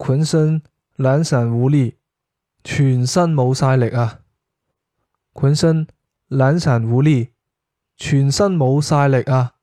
渾身懶散無力，全身冇晒力啊！渾身懶散無力，全身冇晒力啊！